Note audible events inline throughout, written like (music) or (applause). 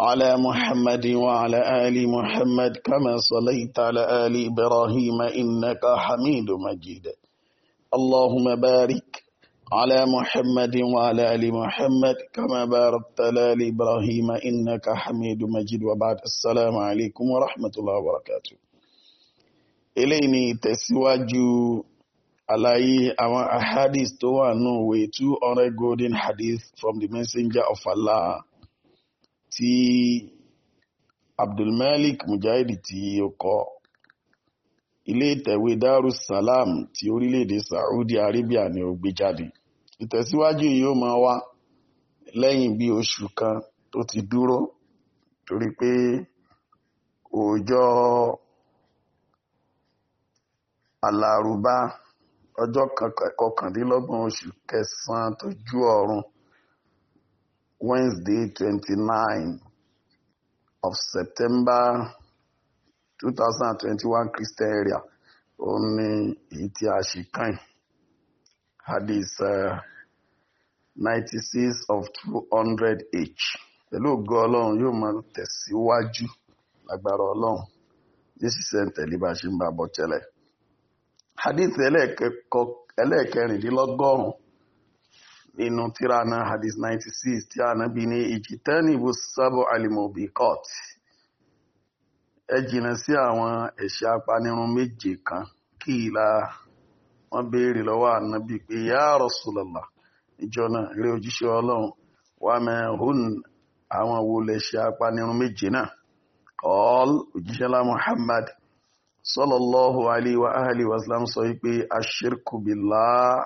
على محمد وعلى آل محمد كما صليت على آل إبراهيم إنك حميد مجيد اللهم بارك على محمد وعلى آل محمد كما باركت على آل إبراهيم إنك حميد مجيد وبعد السلام عليكم ورحمة الله وبركاته إليني تسواجو àlàyé àwọn ahadith tó wà nù wé two hundred golden hadith from the messenger of Allah tí Abdulmalik Mujahid tí ó kọ ilé ìtẹ̀wé Darussalam ti orílẹ̀-èdè Saudi Arabia ni ó gbé jáde ìtẹ̀síwájú yìí ó máa wá lẹ́yìn bí oṣù kan tó ti dúró torí pé ọjọ́ alárùbá ọjọ́ kọkàndínlọ́gbọ̀n oṣù kẹsàn-án tó ju ọ̀run Wednesday, 29 of September 2021 Christian area ó ní èyí tí a ṣe kàn hadith uh, of 200h pẹ̀lú ògo ọlọ́run yóò máa tẹ̀síwájú lágbára ọlọ́run jésù sẹ́ńtẹ̀lé bá ṣe ń bá bọ́ tẹ́lẹ̀ hadith ẹlẹ́ẹ̀kẹrìndínlọ́gọ́rùn-ún nínú tíra náà hadith 96 tí Ànábì ní ìjìtẹ́nìbù sábò alimobiqat ẹ jìnà sí àwọn ẹ̀ṣẹ̀ apanirun méje kan kí ìlà wọ́n béèrè lọ́wọ́ Ànábì pé ya Rasulullah ìjọ náà rí òjíṣẹ́ ọlọ́run wà mẹ́hún àwọn wo lè apanirun méje náà kọ́ọ́l òjíṣẹ́lá Muhammad sallallahu alaihi wa ahli wa sallam sọ wípé ashirku billah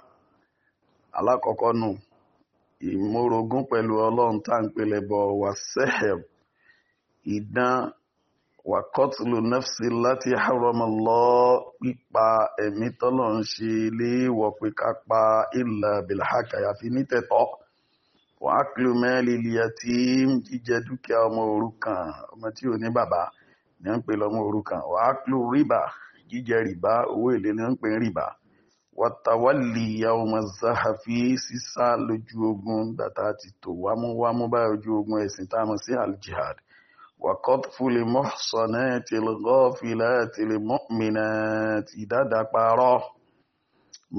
alákọ̀ọ́kọ́ nù ìmórogún pẹ̀lú ọlọ́run tá à ń pelẹ̀ bọ̀ wá sẹ́hẹ̀b ìdán wà kọ́tùlù nẹ́fṣì láti hàrọ̀mọ́lọ́ pípa ẹ̀mí tọ́lọ̀ ń ṣe léèwọ̀ pé ká pa ìlà bìlàhàkà àyàfi nítẹ̀tọ́ wọ́n á kìlú mẹ́rin ìlìyà tí ń jíjẹ dúkìá ọmọ òrukàn ọmọ tí ò ní bàbá ní ń pè lọ́mọ òrukàn wọ́n á kìlú rìbà jíjẹ rìbá owó èlé ní ń pè rìbá wàtàwálì yawma zahafi sísá lójú ogun gbàtà ti tò wámúwámú báyìí ojú ogun ẹ̀sìn tá a mọ̀ sí aljihad wàkọ́tfù lè mọ́sánná tìlgọ́fìlà tìlmọ́mìnà tìdádàparọ́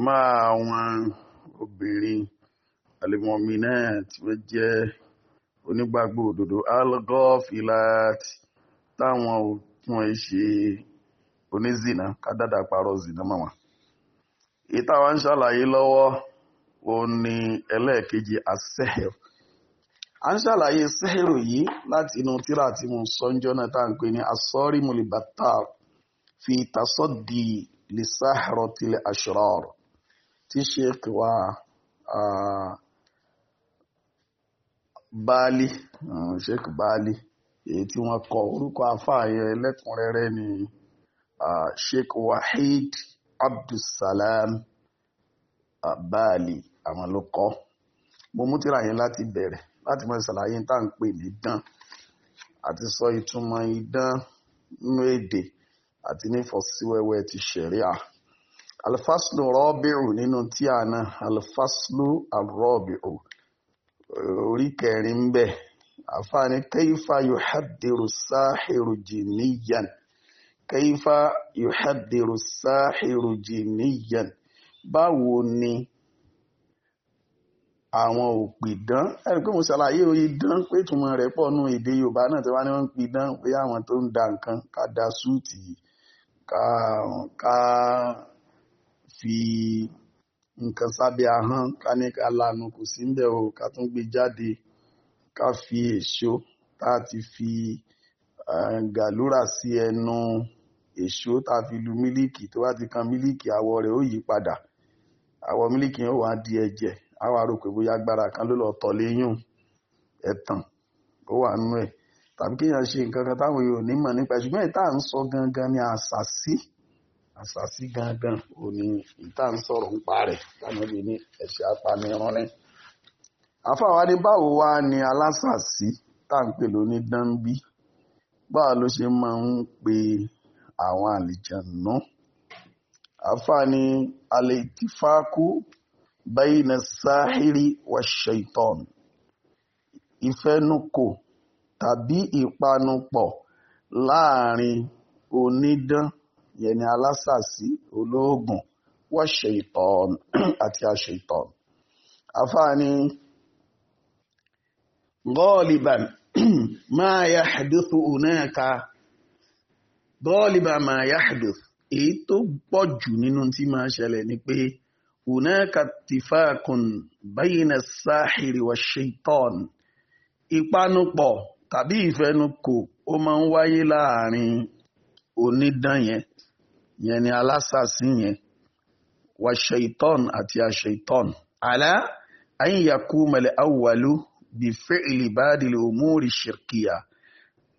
máa àwọn obìnrin alimọ̀mìnà tí wọ́n jẹ́ onígbàgbọ́ òdodo algọ́fìlà táwọn tí wọ́n ṣe onízìnà kádàdàparọ́ zìnà máa wọn. ìtawà ń ṣàlàyé lọ́wọ́ ó ní ẹlẹ́ẹ̀kejì asẹ́hẹ̀l a ń ṣàlàyé sẹ́hẹ̀rù yìí láti inú tíra tí mo sọ ń jọ́nà tá à ń pè ní asọ́rí fi tasọ́dì lisaharo tilẹ̀ ashrọ́r tí sheikh wa baali sheik baali èyí tí wọ́n kọ orúkọ afáàyẹ ẹlẹ́kùnrẹ́rẹ́ ni sheik wahid abdulsalam abali àwọn ló kọ́ mo mú tírà yẹn láti bẹ̀rẹ̀ láti mọ ìṣàlàyé tá à ń pè ní dán àti sọ ìtumọ̀ idán nínú èdè àti nífọ̀síwẹ́wẹ́ ti ṣẹ̀ríà alfaslu rọ́bìrù nínú tí a na alfaslu arọ́bìrù orí kẹrin ń bẹ àfààní kayfa yuhaddiru sáhìrù jìnnìyàn kaifa yuhadiru sahiru jiniyan báwo ni àwọn òpìdán ẹni pé mo ṣàlàyé idán pé ìtumọ̀ rẹ̀ pọ̀ nù èdè yorùbá náà tí wọ́n ní wọ́n ń pidán pé àwọn tó ń da nǹkan ká da súùtì ká ká fi nǹkan sábẹ́ ahọ́n ká ní ká lanu kò sí ń bẹ̀ o ká tún gbé jáde ká fi èso tá a ti fi gàlúrà sí ẹnu. E èso tá a fi lu mílíkì tó bá ti kan mílíkì àwọ̀ rẹ̀ ó yí padà àwọ̀ mílíkì yẹn ó wá di ẹ̀jẹ̀ á wá rò pé bóyá agbára kan ló lọ tọ̀ léyún ẹ̀tàn ó wà nú ẹ̀ tàbí kéèyàn ṣe nǹkan kan táwọn yóò ní mọ̀ nípa ṣùgbọ́n ìta ń sọ gangan ni àṣàsí àṣàsí gangan ò ní ìta à ń sọ̀rọ̀ ń pa rẹ̀ táwọn ní ẹ̀ṣẹ̀ apanirun ni. àfàwa ní báwo wá ni alásàsí tá à ń pè lóní dánbí báwo ló ṣe máa ń pe àwọn àlìjànú àfààní alẹ́tìfákú bayna sáhírí wa shaitan ìfẹnukò tàbí ìpanupọ̀ láàrin onídán yẹni alásàsí olóògùn wa shaitan àti àṣeitan àfààní gọ́ọ̀lìbàn máa yà hadithu unaka gọ́ọ̀lìbà máa yáàdù èyí tó pọ̀ jù nínú tí máa ṣẹlẹ̀ ni pé una katifakun bayna sáhìrì wa shaitan ìpanupọ̀ tàbí ìfẹnukò ó máa ń wáyé láàrin onídán yẹn yẹn ni alásàsín yẹn wa shaitan àti ashaitan àlá àyíyàkú mẹ́lẹ̀ awwalu bí fẹ́ ìlìbádìlì òmùrì ṣirkiya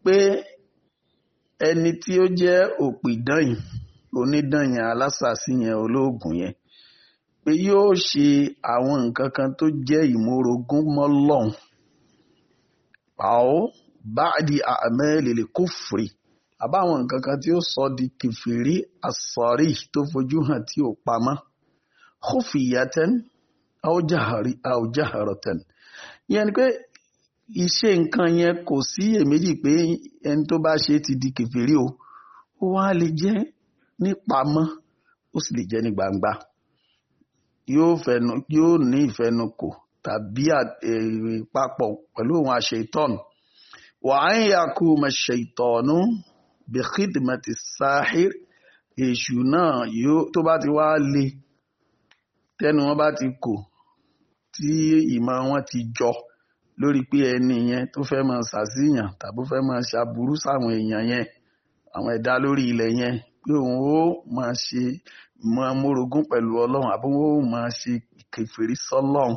pé ẹni tí ó jẹ́ òpìdán-ìn onídàn-ìn alásàásì yẹn olóògùn yẹn pé yóò ṣe àwọn nǹkan kan tó jẹ́ ìmórogún mọ́lọ́hún àwọn báàdì àmẹ́lẹ̀lẹ̀ kófìrí àbáwọn nǹkan kan tí ó sọ di kìfìrí àsọ̀rí tó fojú hàn tí ò pamọ́ kófìyàtẹ́n àwòjáhàrọ̀tẹ́n yẹn ni pé iṣẹ́ nǹkan yẹn kò sí èméjì pé ẹni tó bá ṣe ti di kèfèrí o ó wá lè jẹ́ nípamọ́ ó sì lè jẹ́ ní gbangba yóò fẹnu yóò ní ìfẹnukò tàbí papọ̀ pẹ̀lú òun àṣetọ́nù wàá yàkú mẹ́ṣẹ̀tọ́nù bẹ̀kídìmẹ̀tì sáhìr èṣù náà tó bá ti wá le tẹnu wọn bá ti kò tí ìmọ̀ wọn ti jọ lórí pé ẹni yẹn tó fẹ́ máa ṣàṣìyàn tàbí fẹ́ máa ṣàbùrú sáwọn èèyàn yẹn àwọn ẹ̀dá lórí ilẹ̀ yẹn pé òun ó máa ṣe máa mórogún pẹ̀lú ọlọ́run àbí òun ó máa ṣe kèfèrí sọ́lọ́run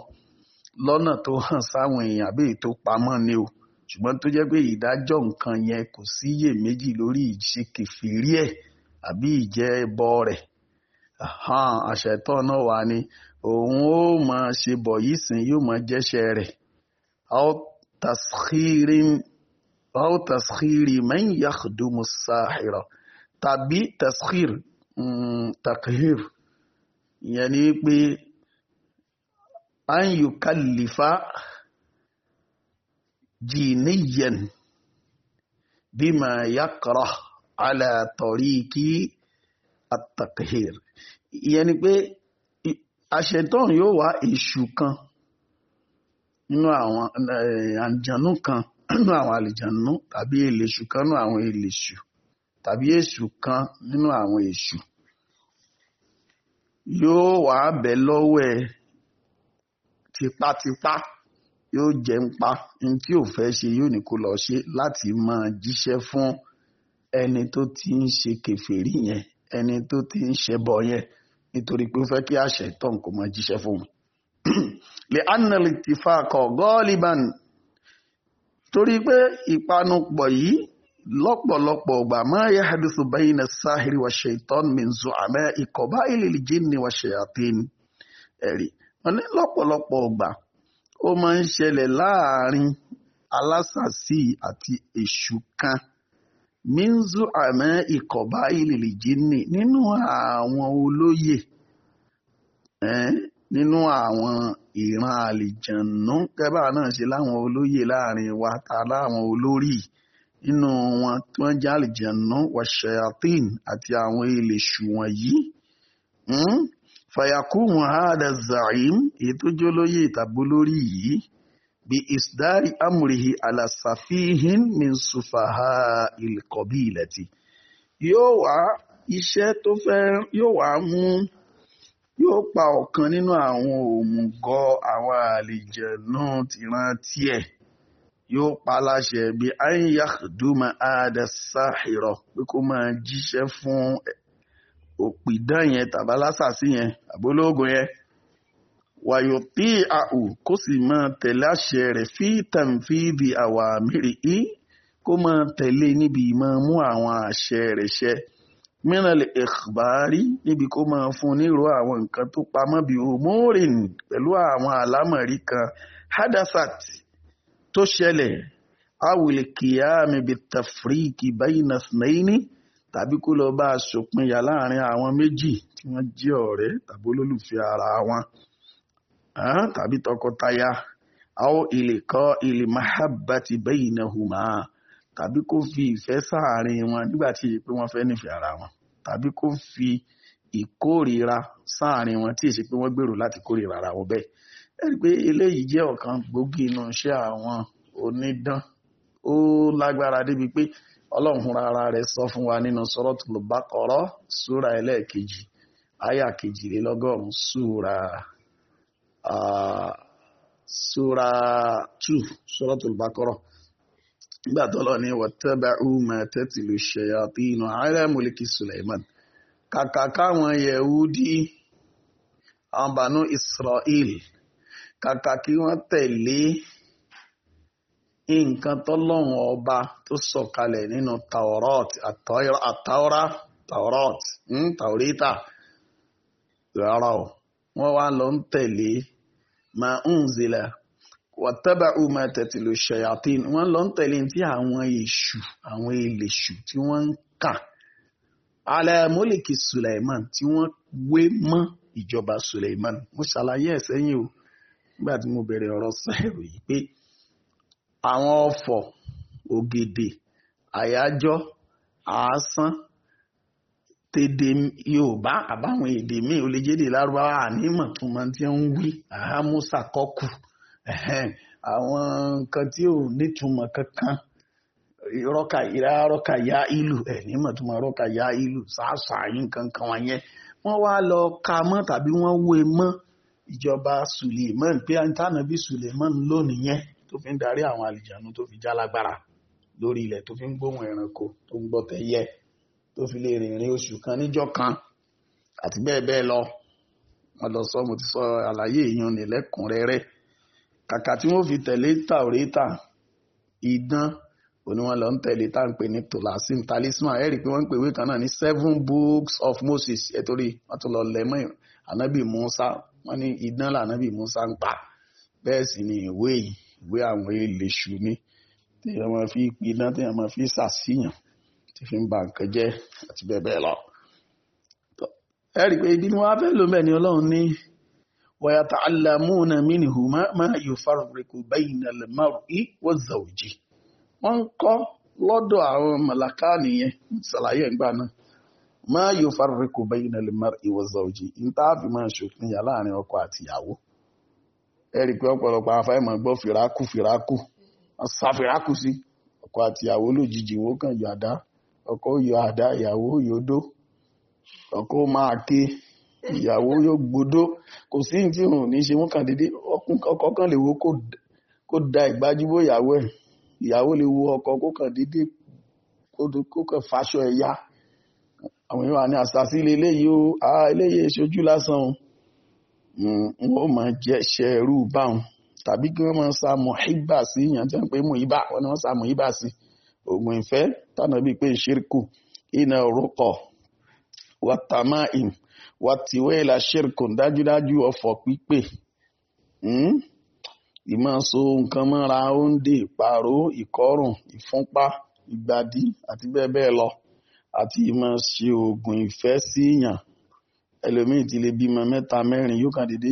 lọ́nà tó hàn sáwọn èèyàn àbí èyí tó pamọ́ ni o ṣùgbọ́n tó jẹ́ pé ìdájọ́ nǹkan yẹn kò síyè méjì lórí ìṣe kèfèrí ẹ̀ àbí ìjẹ́ ẹbọ rẹ̀ àṣẹ̀tọ́ náà wà ní òun ó máa ṣe bọ̀ yìí sìn yóò máa jẹ́ṣẹ́ rẹ̀ أو تسخير أو تسخير من يخدم الساحرة تبي تسخير تقهير يعني بي أن يكلف جينيا بما يكره على طريق التقهير يعني بي الشيطان يوى إشوكا nínú àwọn eh, àjànú kan (clears throat) nínú àwọn àlìjànú tàbí èlèṣù kan nínú àwọn èlèṣù tàbí èṣù kan nínú àwọn èṣù yóò wà bẹ̀ lọ́wọ́ ẹ̀ tipátipá yóò jẹ́ ń pa ní tí ò fẹ́ ṣe yóò ní kó lọ ṣe láti máa jíṣẹ́ fún ẹni tó ti ń ṣe kèfèrí yẹn ẹni tó ti ń ṣẹbọ yẹn nítorí pé ó fẹ́ kí àṣẹ tán kó máa jíṣẹ́ fún un (clears throat) li'anna al-ittifaqa ghaliban torí pé ìpanupọ̀ yìí lọ́pọ̀lọpọ̀ ọgbà máa yahdithu bayna as-sahiri wa shaytan min zu'ama'i qabaili al-jinni wa shayatin ẹ̀rí wọn ní lọ́pọ̀lọpọ̀ ọgbà ó máa ń ṣẹlẹ̀ láàrin alásàsí àti èṣù kan minzu àmọ́ ìkọ̀bá ìlìlì jinni nínú àwọn olóyè nínú àwọn ìran àlìjànú kẹ́bà náà ṣe láwọn olóyè láàrin wa ta láwọn olórí nínú wọn tí wọ́n jẹ́ àlìjànú wàṣẹ́yàtìn àti àwọn ìlèṣù wọ̀nyí hmm? fàyàkùn hàdà zaim èyí tó jẹ́ olóyè tàbí yìí bí isdari amrihi alasafihin min sufaha ilkọ̀bí ilẹ̀ yóò wá iṣẹ́ tó fẹ́ yóò wá mú yóò pa ọ̀kan nínú àwọn òmùgọ̀ àwọn àlìjẹ̀nú tìran tiẹ̀ yóò pa láṣẹ bí àyíyá dùmọ̀ àdàsáhìrọ̀ pé kó máa jíṣẹ́ fún òpìdán yẹn tàbálásàsí yẹn àbólógún yẹn wàyò tí àù kó sì máa tẹ̀lé àṣẹ rẹ̀ fi tàǹfìdì àwàmírì í kó máa tẹ̀lé níbi ìmọ̀ mú àwọn àṣẹ rẹ̀ ṣẹ mìíràn lè ẹ̀kbárí níbi kó máa fún nírò àwọn nǹkan tó pamọ́ bíi omorin pẹ̀lú àwọn àlámọ̀rí kan hadasat tó ṣẹlẹ̀ awìlì kìyàmì bíi tafriki bayna snaini tàbí kó lọ bá a ṣòpinya láàrin àwọn méjì tí wọ́n jẹ́ ọ̀rẹ́ tàbí olólùfẹ́ ara wọn ah, tàbí tọkọtaya àwọn ilé kọ́ mahabati bayna huma tàbí kó fi ìfẹ́ sáàárín wọn nígbà tí èyí pé wọ́n fẹ́ nífẹ̀ẹ́ ara wọn tàbí kó fi ìkórìíra sáàárín wọn tí èsì pé wọ́n gbèrò láti kórìíra ara wọn bẹ́ẹ̀ ẹ rí i pé eléyìí jẹ́ ọ̀kan gbòógì inú iṣẹ́ àwọn onídán ó lágbára débi pé ọlọ́run fúnra ara rẹ̀ sọ fún wa nínú Suratul Baqara súra ẹlẹ́ẹ̀kejì àyà kejìlélọ́gọ́rùn-ún súra súra two Suratul Baqara. nígbà tó lọ ní wọ́tẹ́bàrú mẹ́tẹ́tìlú ṣẹ̀yàtì inú Suleiman kàkà káwọn yẹ̀wúdí àwọn Israel kàkà kí wọ́n tẹ̀lé nǹkan ọba tó sọ̀kalẹ̀ nínú Taurat àtàwọ́rá hmm, Taurita rárá o wọ́n wá lọ ń tẹ̀lé ma ń zilẹ̀ wàtábà umma tẹ̀tìlù ṣayatin wọ́n lọ ń tẹ̀lé tí àwọn èṣù àwọn èlèṣù tí wọ́n ń kà ala mólìkì suleiman tí wọ́n wé mọ́ ìjọba suleiman mo ṣàlàyé ẹ̀ sẹ́yìn o nígbà tí mo bẹ̀rẹ̀ ọ̀rọ̀ sẹ́rù yìí pé àwọn ọ̀fọ̀ ògèdè àyájọ́ àásán tèdè yorùbá àbáwọn èdè míì ó lárúbáwá ànímọ̀ tó máa ti ń wí àhámúsà kọ́kù àwọn nǹkan tí ò nítumọ̀ kankan rọ́kà ìrá rọ́kà yá ìlú ẹ̀ nímọ̀ tó máa rọ́kà yá ìlú sáàsáàyìn kankan wọn yẹn wọ́n wá lọ ka mọ́ tàbí wọ́n wé mọ́ ìjọba Suleiman pé àǹtánàbí Suleiman lónìí yẹn tó fi ń darí àwọn àlìjànú tó fi já lágbára lórí ilẹ̀ tó fi ń gbóhùn ẹranko tó ń gbọ́tẹ̀ yẹ tó fi lè rìnrìn oṣù kan níjọ́ kan àti bẹ́ẹ̀ bẹ́ẹ̀ lọ wọ́n lọ sọ mo ti sọ àlàyé èèyàn kàkà tí wọ́n fi tẹ̀lé tàwérétà idán òní wọn lọ ń tẹ̀lé tá à ń pè ní tolasim talisman ẹ̀rí pé wọ́n ń pè ìwé kan náà ní seven books of Moses ẹ̀tọ́rí wọ́n tún lọ lẹ́mọ́ ànábì Musa wọ́n ní idán là ànábì Musa ń pa bẹ́ẹ̀ sì ni ìwé yìí ìwé àwọn eléṣu ni téèyàn máa fi pidán téèyàn máa fi ṣàṣìyàn tí fi ń ba nǹkan jẹ́ àti bẹ́ẹ̀ bẹ́ẹ̀ lọ. ẹ̀rí pé ibi ni wọ́n á fẹ́ lómẹ́ ni Ọlọ́run ní ويتعلمون منهما ما يفرق بين المرء والزوج wọ́n kọ́ lọ́dọ̀ àwọn màlàká nìyẹn ṣàlàyé ìgbà náà máa yóò fárúkú bẹ́yìn ẹlẹ́mọ́rì ìwọ̀sọ̀ òjì ìntàfi máa ṣòfin yà láàrin ọkọ àti ìyàwó ẹ̀rí pé ọ̀pọ̀lọpọ̀ afáìmọ̀ gbọ́ fìrákù fìrákù sá fìrákù sí ọkọ àti lójijì wọ́n kàn yọ àdá ọkọ yọ àdá ìyàwó yọ odó ọkọ máa ké ìyàwó yóò gbódó kò sí ní tí òun ní ṣe wọ́n kàn dédé ọkọ kan lè wo kó da ìgbájúmọ́ ìyàwó ẹ̀ ìyàwó lè wo ọkọ kó kàn dédé kó kàn fàṣọ ẹ̀ ya àwọn èèyàn ní àṣàṣì ilé eléyìí ó e eléyìí ìṣojú lásán o wọ́n hmm, máa jẹ́ ṣẹ́rú báwọn tàbí kí wọ́n máa sa mọ̀híbà sí ìyàn tí wọ́n pè mọ̀híbà wọ́n ni wọ́n sa mọ̀híbà sí oògùn ìfẹ́ tànà bíi pé ìṣirkù iná orúkọ wàtàmáìm wà tìwé ìlà ṣírkùn dájúdájú ọ̀fọ̀ pípè hmm? ìmọ̀ọ́sọ nǹkan mọ́ra oúnjẹ ìpààrọ̀ ìkọrùn ìfúnpá ìgbàdí àti bẹ́ẹ̀ bẹ́ẹ̀ lọ àti ìmọ̀ọ́sẹ oògùn ìfẹ́ síyàn ẹlòmíì ti lè bímọ mẹ́ta mẹ́rin yóò kàn dédé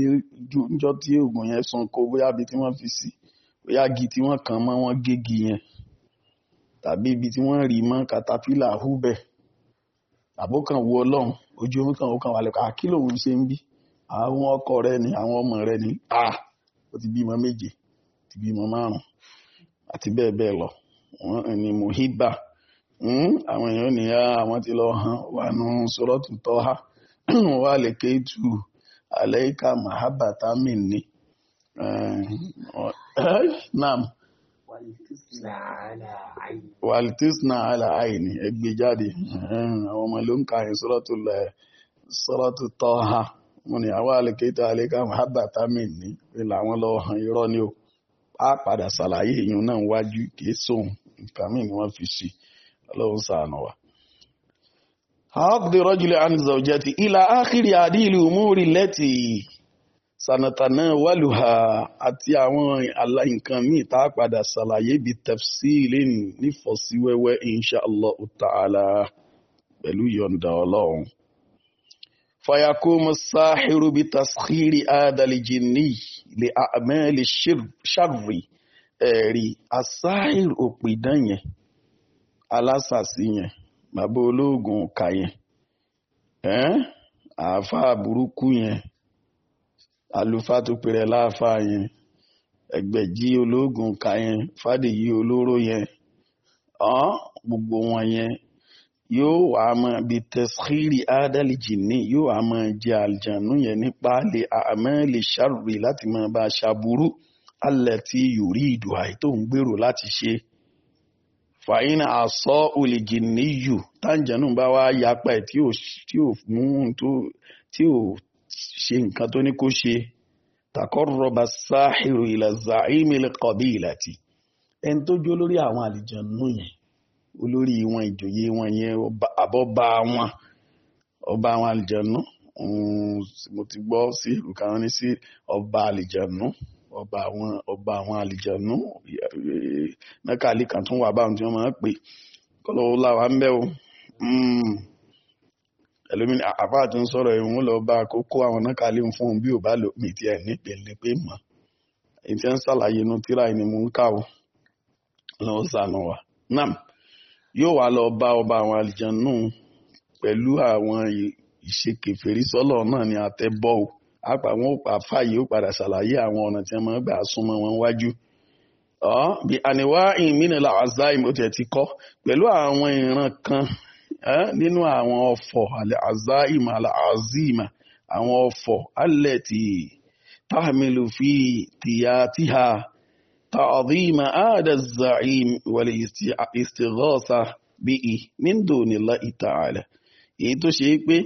níjọ́ tí oògùn yẹn sun kó bóyá ibi tí wọ́n fi sí bóyá igi tí wọ́n kàn mọ́ wọ́n gégi yẹn tàbí ibi tí wọ́n rì mọ́ katapila húbẹ̀ àbókan wo ọlọ́run ojú omi kan ó kàn wà lẹ́kọ̀ọ́ àkí lòun ṣe ń bí àwọn ọkọ rẹ ni àwọn ọmọ rẹ ni a ó ti bímọ méje ti bímọ márùn àti bẹ́ẹ̀ bẹ́ẹ̀ lọ wọ́n ní mohiba hmm, àwọn èèyàn ní àwọn ti lọ hàn wà nù sọ́rọ́tù tọ́ha wà lè ké tu àlẹ́ ìka mahabata mi ni. Naam wàltísnà aláàìní ẹgbẹ́ jáde àwọn ọmọ ló ń ka àyìn sọ́rọ̀tù tọ́ha wọn ni àwọn alìkéta alìká mahabatamin ní ilẹ̀ àwọn lọ hàn irọ́ ni ó pàápàdà sàlàyé èèyàn náà wájú kìí sóhun nǹkan mí ni wọ́n fi sí ọlọ́run ṣàánú wa àọ́kùdé rọ́jùlẹ̀ àǹzọ̀jẹ́ ti ilà ákìrì àdílù múrí lẹ́tì sanatana wàlúhà àti àwọn àlà nǹkan míì tá a padà ṣàlàyé bíi tafsili nífọ̀síwẹ́wẹ́ insha Allah pẹ̀lú yọ̀ǹda ọlọ́run. فيقوم الساحر بتسخير هذا الجني لأعمال الشر ẹ̀rí asáhìr òpìdán yẹn alásàsí yẹn bàbá olóògùn ọ̀kà yẹn àáfàá burúkú yẹn àlùfáà tó pèrè láàfáà yẹn ẹgbẹ̀jì ológun ka yẹn fàdèyí olóró yẹn ọ̀n gbogbo wọn yẹn yóò wá máa bi tẹ̀síìrì ádàlìjì ní yóò wá máa jẹ àlìjànú yẹn nípa lè àmọ́ lè ṣàrùrì láti máa bá a ṣàbúrú alẹ́ tí yòrí ìdùhà tó ń gbèrò láti ṣe fàyínà àsọ olèjì níyù táǹjẹ̀nù bá wá yapa ẹ̀ tí ò mú tó tí ò ṣe nǹkan tó ní kó ṣe takọ́rọ̀bà sáàhìrò ìlà zaimil qabilati ẹni tó jó lórí àwọn àlìjànú yẹn olórí wọn ìjòyè wọn yẹn àbọ̀bá wọn ọba àwọn àlìjànú mo ti gbọ́ sí ìlú kan ní sí ọba àlìjànú ọba àwọn ọba àwọn mẹ́kàlì kan tún wà báwọn tí wọ́n máa ń pè kọ́lọ́wọ́ làwọn ń bẹ́ o. Hmm ẹlòmí àbá tó ń sọ̀rọ̀ ìwọ̀n lọ bá kókó àwọn náà kálí fún un bí ò bá lò mí tí ẹ̀ nípele pé mọ̀ èyí tí ń ṣàlàyé inú tíra ẹni mú ń lọ́wọ́ sànù wa nam yóò wá lọ bá ọba àwọn àlìjànnú pẹ̀lú àwọn ìṣekèfèrí sọ́lọ̀ náà ni àtẹ́bọ́ o àpà wọn ò pa fàyè ó padà ṣàlàyé àwọn ọ̀nà tí wọ́n gbà súnmọ́ wọn wájú bí àníwá ìmínà nínú àwọn ọ̀fọ̀ àzáìmà àzíìmà àwọn ọ̀fọ̀ alẹ́ ti tahmilu fi tiyatiha ta'zima ada za'im wal istighatha bihi min dunillahi ta'ala èyí tó ṣe é pé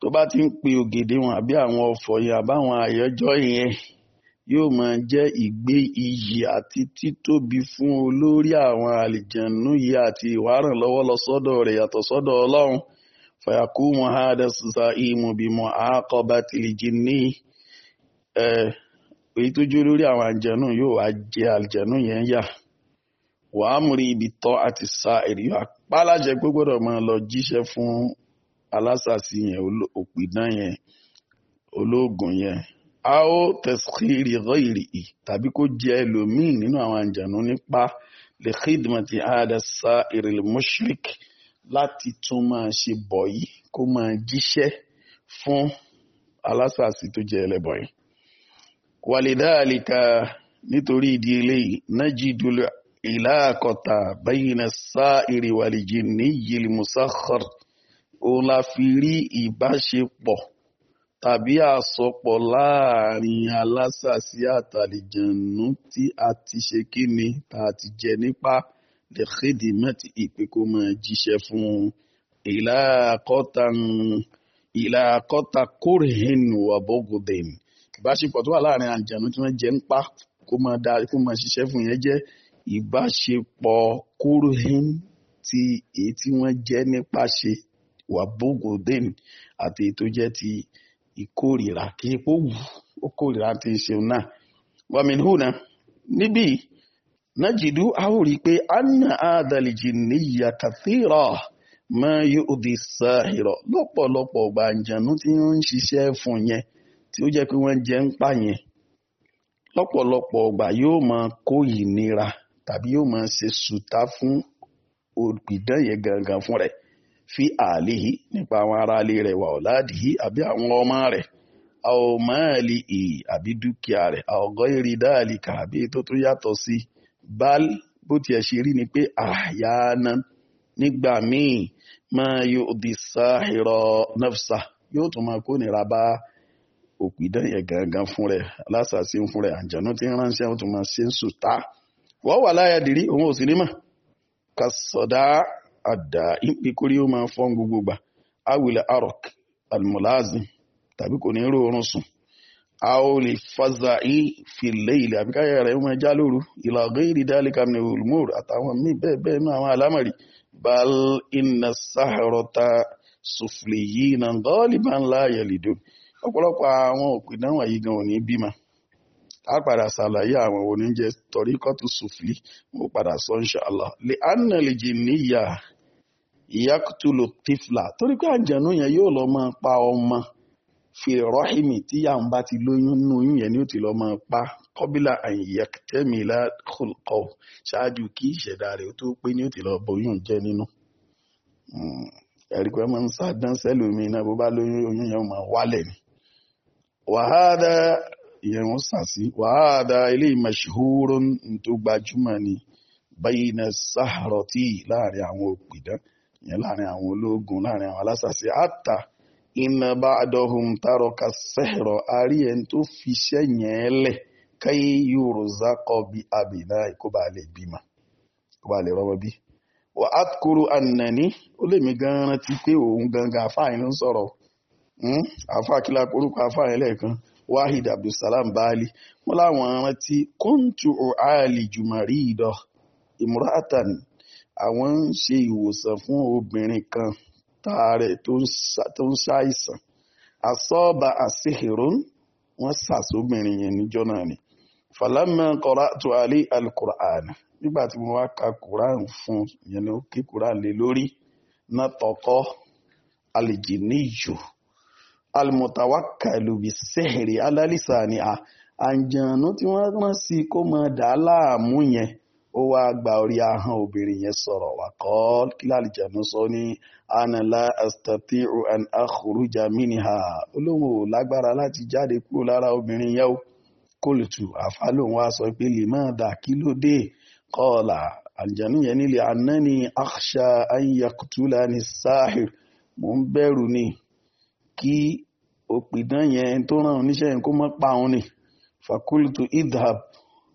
tó bá ti ń pe ògèdè wọn àbí àwọn ọfọ yẹn àbáwọn àyọjọ́ yẹn yóò máa jẹ́ ìgbé iyì àti títóbi fún olórí àwọn àlìjànnú yìí àti ìwárànlọ́wọ́ lọ sọ́dọ̀ rẹ̀ yàtọ̀ sọ́dọ̀ ọlọ́run fayakumu hada sa'imu bimu aqabati lijinni èyí tó jó lórí àwọn àlìjànnú yóò wá jẹ àlìjànnú yẹn yà wàá múrí ibi tọ́ àti sa èrè yóò apáláṣẹ pé gbọ́dọ̀ máa lọ jíṣẹ́ fún alásàsí yẹn òpìdán yẹn olóògùn yẹn a ó tẹ̀síkìrì ghairi ì tàbí kó jẹ́ ẹlòmíì nínú àwọn àjànú nípa lè khidmati àdàsá ìrìlẹ̀ mushrik láti tún máa ṣe bọ̀ yìí kó máa jíṣẹ́ fún alásàásì tó jẹ́ ẹlẹ́bọ̀ yìí. wàlídàálìkà nítorí ìdí eléyìí najidul ìlàkọ̀tà bayna sáìrì wàlìjì ní yìlì musakhar òun la fi rí ìbáṣepọ̀ tàbí àsopọ̀ láàrin alásà sí àtàlìjànú tí a ti ṣe kíni tá a ti jẹ nípa lè kéde mẹ́tì ìpè kó máa jíṣẹ́ fún un ìlà àkọ́ta ìlà àkọ́ta kórìhìn wà bọ́gùdìn ìbáṣepọ̀ tó wà láàrin àjànú tí wọ́n jẹ ń pa kó máa ṣiṣẹ́ fún yẹn jẹ́ ìbáṣepọ̀ kórìhìn ti èyí tí wọ́n jẹ́ nípa ṣe wà bọ́gùdìn àti èyí tó jẹ́ ti. ìkórìíra kì í pò wù ó kórìíra ti ṣeun náà wàmíhùnà níbí nájìdú a ó rí pé anna adaliji níyà kàtírọ̀ máa yóò di sáàrọ̀ lọ́pọ̀lọpọ̀ gbàǹjànú tí wọ́n ń ṣiṣẹ́ fún yẹn tí ó jẹ́ pé wọ́n jẹ́ ń pa yẹn lọ́pọ̀lọpọ̀ ọgbà yóò máa kó ìnira tàbí yóò gangan fún rẹ̀ fi àlìhí nípa àwọn ará ilé rẹ̀ wà ọ̀làdìhí àbí àwọn ọmọ rẹ̀ àwọn máàlì ìyí àbí dúkìá rẹ̀ àọ̀gọ́ èrè dáàlìkà àbí tó tún yàtọ̀ sí bal bó tiẹ̀ ṣe rí ni pé àyáná nígbà míì máa yóò di sáhìrọ nafsa yóò tún máa kó nira bá òpìdán yẹn gangan fún rẹ̀ alásàsí fún rẹ̀ àjànú tí ń ránṣẹ́ ó tún máa ṣe ń sùtá wọ́n wà láyà dìrí òun ò sí ní mọ̀ kàsọ̀dá àdá ìpínkúrí ó máa fọ́n gbogbo gbà awilẹ̀ arok almulazim tàbí kò ní róorun sùn a ó lè faza í filẹ̀ ilẹ̀ àbíkáyà rẹ̀ ó máa já lóru ìlà ghairi dhalika min al-umur àtàwọn míì bẹ́ẹ̀ bẹ́ẹ̀ náà àwọn alámọ̀rí bal inna sahrata sufliyina ghaliban la yalidun ọ̀pọ̀lọpọ̀ àwọn òpin náà gan ò bímọ a padà ṣàlàyé àwọn oníjẹ torí kọ́tù sùfì mo padà sọ insha Allah lè anna níyà ìyàkùtùlù tíflà torí pé àjànú yẹn yóò lọ máa pa ọmọ fèrè rọ́hìmì tí ti lóyún nínú oyún yẹn ni ó ti lọ máa pa kọ́bílà àyìnyẹ̀tẹ́mìlá kọ̀ ṣáájú kí ìṣẹ̀dá rẹ̀ ó tó pé ni ó ti lọ bọyún jẹ́ nínú. Hmm. ẹ̀rí pé máa ń na sẹ́lómi náà bó bá lóyún oyún yẹn máa wálẹ̀ ni. wàhádà ìyẹn wọn sí wàhádà tó gbajúmọ̀ ni náà tí láàrin àwọn yẹn láàrin àwọn ológun láàrin àwọn alásàsí àtà iná bá adọ́hùn tààrọ ka sẹ́rọ àárí ẹni tó fi iṣẹ́ yẹn lẹ̀ káyé yóò zákọ bí abìlá kó bá lè bímọ kó bá lè rọwọ́ bí. wà á kúrò ànàní ó lè mí gan rántí pé òun gangan àfáàyàn ló ń sọ̀rọ̀ hmm? àfáà kí la orúkọ àfáàyàn lẹ́ẹ̀kan wahid abdulsalam baali wọn láwọn rántí kóńtù ọ̀hálì jùmọ̀rí ìdọ̀ ìmúratàn àwọn ń ṣe ìwòsàn fún obìnrin kan tààrẹ̀ tó ń ṣàìsàn asọ́ọ̀bà àṣehìrún wọ́n ṣàṣobìnrin yẹn níjọ́ náà ni falamma qara'tu ali al-Qur'an nígbà tí mo wá ka quran fún yẹn ló kí quran lé lórí náà tọkọ aljiniju almutawakkalu bisihri alálìsàn ni àjànú tí wọ́n rán sí kó máa dà á láàmú yẹn ó wá gba orí ahọ́n obìnrin yẹn sọ̀rọ̀ wà kọ́ kí lálìjànú sọ ní anala astatiru an akhruja minha olóhùn ò lágbára láti jáde kúrò lára obìnrin yẹn o kólùtù àfa lòun wá sọ pé lè má dà kí ló dé kọ́ọ̀là àlìjànú yẹn nílé àná ni akhsha an yaqtulani sahir mò ń bẹ̀rù ni kí òpìdán yẹn tó ràn oníṣẹ́ yẹn kó má pa òun ni fakultu idhab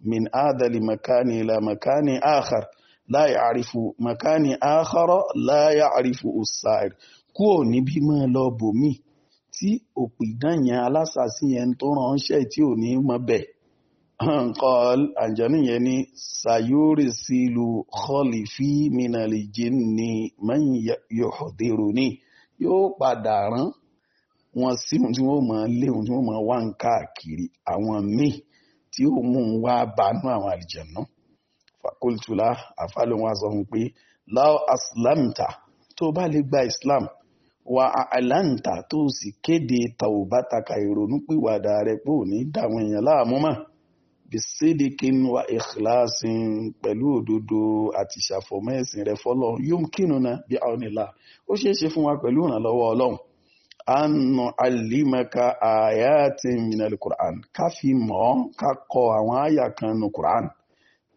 من هذا لمكان إلى مكان آخر لا يعرف مكان آخر لا يعرف السائر kúò níbí máa lọ bòmí tí òpì idán yẹn alásàásí yẹn tó ránṣẹ́ tí ò ní mọ bẹ̀ kọ́l àjọ̀nú yẹn ní sayori sílu kholifi minali jinni man yuhdiruni yóò padà rán wọn sí ohun tí wọ́n máa lé ohun tí wọ́n máa wá ń káàkiri tí ó mú un wá bánú àwọn àlìjẹ̀nú fakultula àfàlùwọ̀n sọ fún pé láò aslamta tó bá lè gba islam wa àlàǹtà tó sì kéde tàwùbátaka ìrònúpìwàdà rẹ̀ pé ò ní dáwọn èèyàn láàmú mọ́ bisidikin wa ikhlasin pẹ̀lú òdodo àti ìṣàfọ̀mọ́ ẹ̀sìn rẹ̀ yóò kínú na bí àwọn ìlà ó ṣeé ṣe fún wa pẹ̀lú ìrànlọ́wọ́ ọlọ́run anu alimaka ayati minali quran ká fi mọ̀ ká kọ àwọn àyà kan nu quran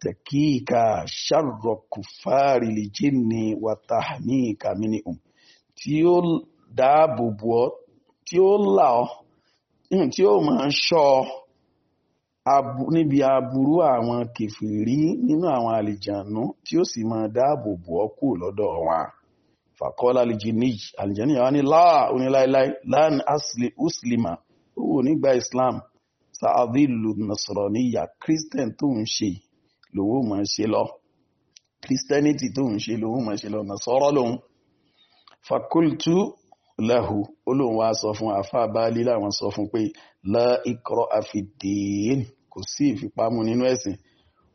tẹkíka sharro kufari lijinni wa tahmika minihum tí ó dáàbò bò ọ́ tí ó là ọ́ tí ó máa ń ṣọ́ ọ níbi aburú àwọn kẹfìrí nínú àwọn àlìjànú tí ó sì máa dáàbò bò ọ́ kù lọ́dọ̀ wọn fàkọ́lá alìjìníj alìjìníj wá ní láà oníláìláì láàrín uslima owó nígbà islam sa'adilu nasraniya christian tó ń ṣe lówó mọ̀ ṣe lọ christianity tó ń ṣe lówó mọ̀ ṣe lọ nasọ́rọ̀ lòun fakultu lahu olóhùn wa sọ fún àfáà báálí láwọn sọ fún pé la ikraha fid-din kò sí ìfipámú nínú ẹ̀sìn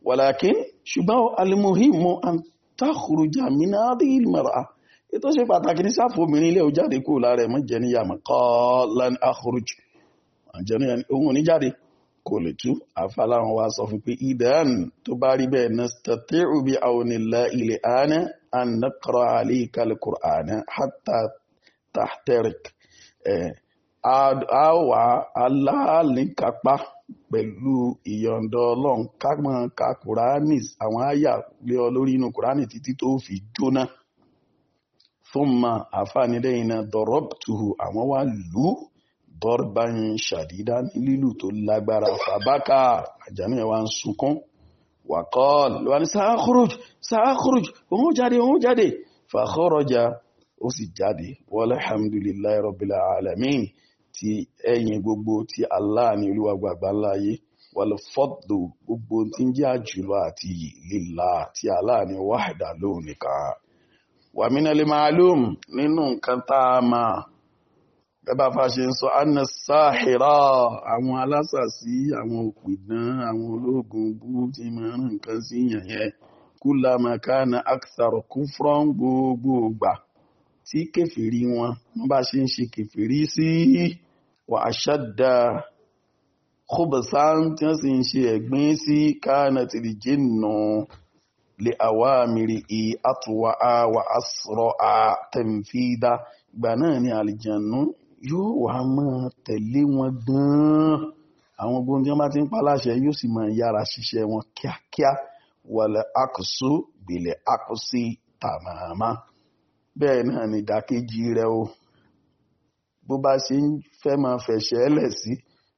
walakin ṣùgbọ́n alimuhimu an takhruja min hadhihi ètò ṣe pàtàkì ní sáfù obìnrin ilé òjáde kúrò lára ẹ̀mọ́ jẹ́ níyàmọ̀ kọ́ọ̀lán àkọrùjù àjẹ́nú ohun oníjáde kò lè tú àfàláwọn wa sọ fún pé idan tó bá rí bẹ́ẹ̀ na statiru bi aunila ilẹ̀ ana an nakọrọ alikal kur'ana hatta tahtarik a wà aláàlíkápá pẹ̀lú ìyọ̀ǹdọ̀ ọlọ́run kùránì àwọn àyà lé ọ lórí inú kùránì títí tó fi jóná thumma àfáàní lẹ́yìn náà dọ̀rọ̀bùtùhù àwọn wá lù ú bọ́ọ̀bá ń ṣàdídá ní lílù tó lágbára fàbákà àjànú yẹn wá ń sunkún wàkọ́ọ̀lù ló ní sáàkúrùj sáàkúrùj òun jáde òun jáde fàkọ́rọ̀jà ó sì jáde walhamdulillahi rabbil alamin ti ẹ̀yìn gbogbo ti Allah ní olúwa gbàgbà láàyè wàlúfọ́dù gbogbo tí ń jẹ́ àjùlọ àti lílà ti Allah ní wahda lóun nìkan wàmínàlè màálùm nínú nǹkan tá a máa gẹ́bà fàṣẹ ń sọ anna sáàhìrá àwọn alásàsí àwọn òpìdán àwọn ológun bú ti máa rán nǹkan sí yẹ̀yẹ́ kúlà màkánà aksaro gbogbogbà tí kẹfìrí wọn wọ́n bá ṣe ń ṣe kẹfìrí sí wà àṣàdá kóbọ̀sán tí wọ́n sì ń ṣe ẹ̀gbín sí kánà tìrìjì li'awamirihi atwa'a wa asra'a tanfida ìgbà náà ni àlìjànú yóò wá máa tẹ̀lé wọn gan-an àwọn ogun tí wọ́n bá ti ń paláṣẹ yóò sì máa yára ṣiṣẹ́ wọn kíákíá wàlẹ̀ àkùsù gbèlẹ̀ àkùsì tàmàmá bẹ́ẹ̀ náà ni ìdàkejì rẹ̀ o bó bá ṣe ń fẹ́ máa fẹ̀ṣẹ̀ ẹlẹ̀ sí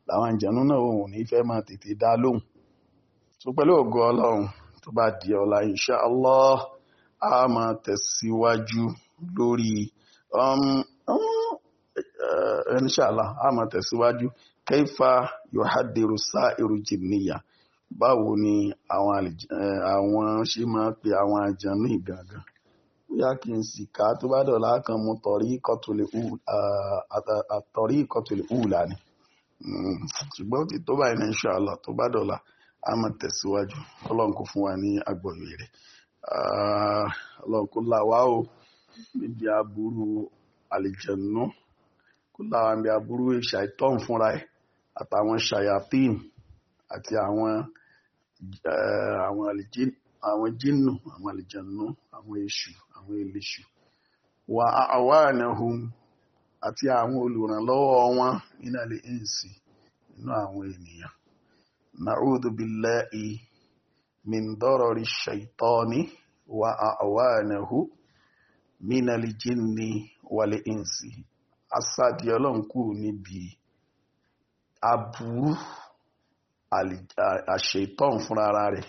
làwọn àjànú náà òun ní fẹ́ máa tètè dá lóhùn tó pẹ̀lú ògo ọlọ́run tó bá di ọ̀la insha a máa tẹ̀síwájú lórí um, um, eh, insha a máa tẹ̀síwájú kaifa yuhadiru sa'iru báwo ni eh, àwọn ṣe máa pe àwọn àjànú ìgangan bóyá n sì ká tó bá dọ̀la kan mú tọ̀rí ah, hmm, ṣùgbọ́n tó a máa tẹ̀síwájú ọlọ́run kò fún wa ní agbọ̀yọ̀ rẹ̀ ah, ọlọ́run kò là wá o níbi aburú àlìjẹ̀nú kò là wá níbi aburú ṣàìtọ́n fúnra ẹ̀ àtàwọn ṣàyàtìn àti àwọn eh, àwọn àlìjìn àwọn jínù àwọn àlìjẹ̀nú àwọn èṣù àwọn eléṣù wà àwa ànàhùn àti àwọn olùrànlọ́wọ́ wọn nínú àlè ìǹsì nínú àwọn ènìyàn. نعوذ بالله من ضرر الشيطان وأعوانه من الجن والإنس asadi ọlọ́run kù níbi aburú àṣetán fúnra rẹ̀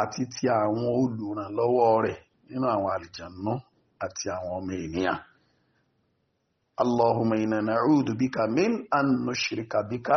ati ti àwọn olùrànlọ́wọ́ rẹ̀ nínú àwọn àlìjànú àti àwọn ọmọ ènìyàn. Allahumma inna na'udhu bika min an nushrika bika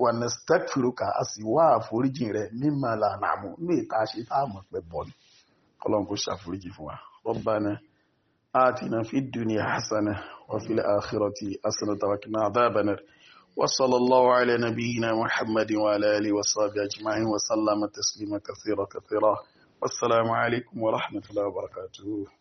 wọnẹsítẹ́kìlúkà a sì wá àforíjì rẹ̀ mímọ̀ lànà àmú ní ìta ṣe táàmù pé bọ̀ ni kọ́lọ́n kó ṣàforíjì fún wa Rabbana atina fid dunya hasana wa fil akhirati hasanatan wa qina adhaban nar wa sallallahu ala nabiyyina muhammadin wa ala alihi wa sahbihi ajma'in wa sallama taslima kathira kathira wassalamu alaikum wa rahmatullahi wa barakatuh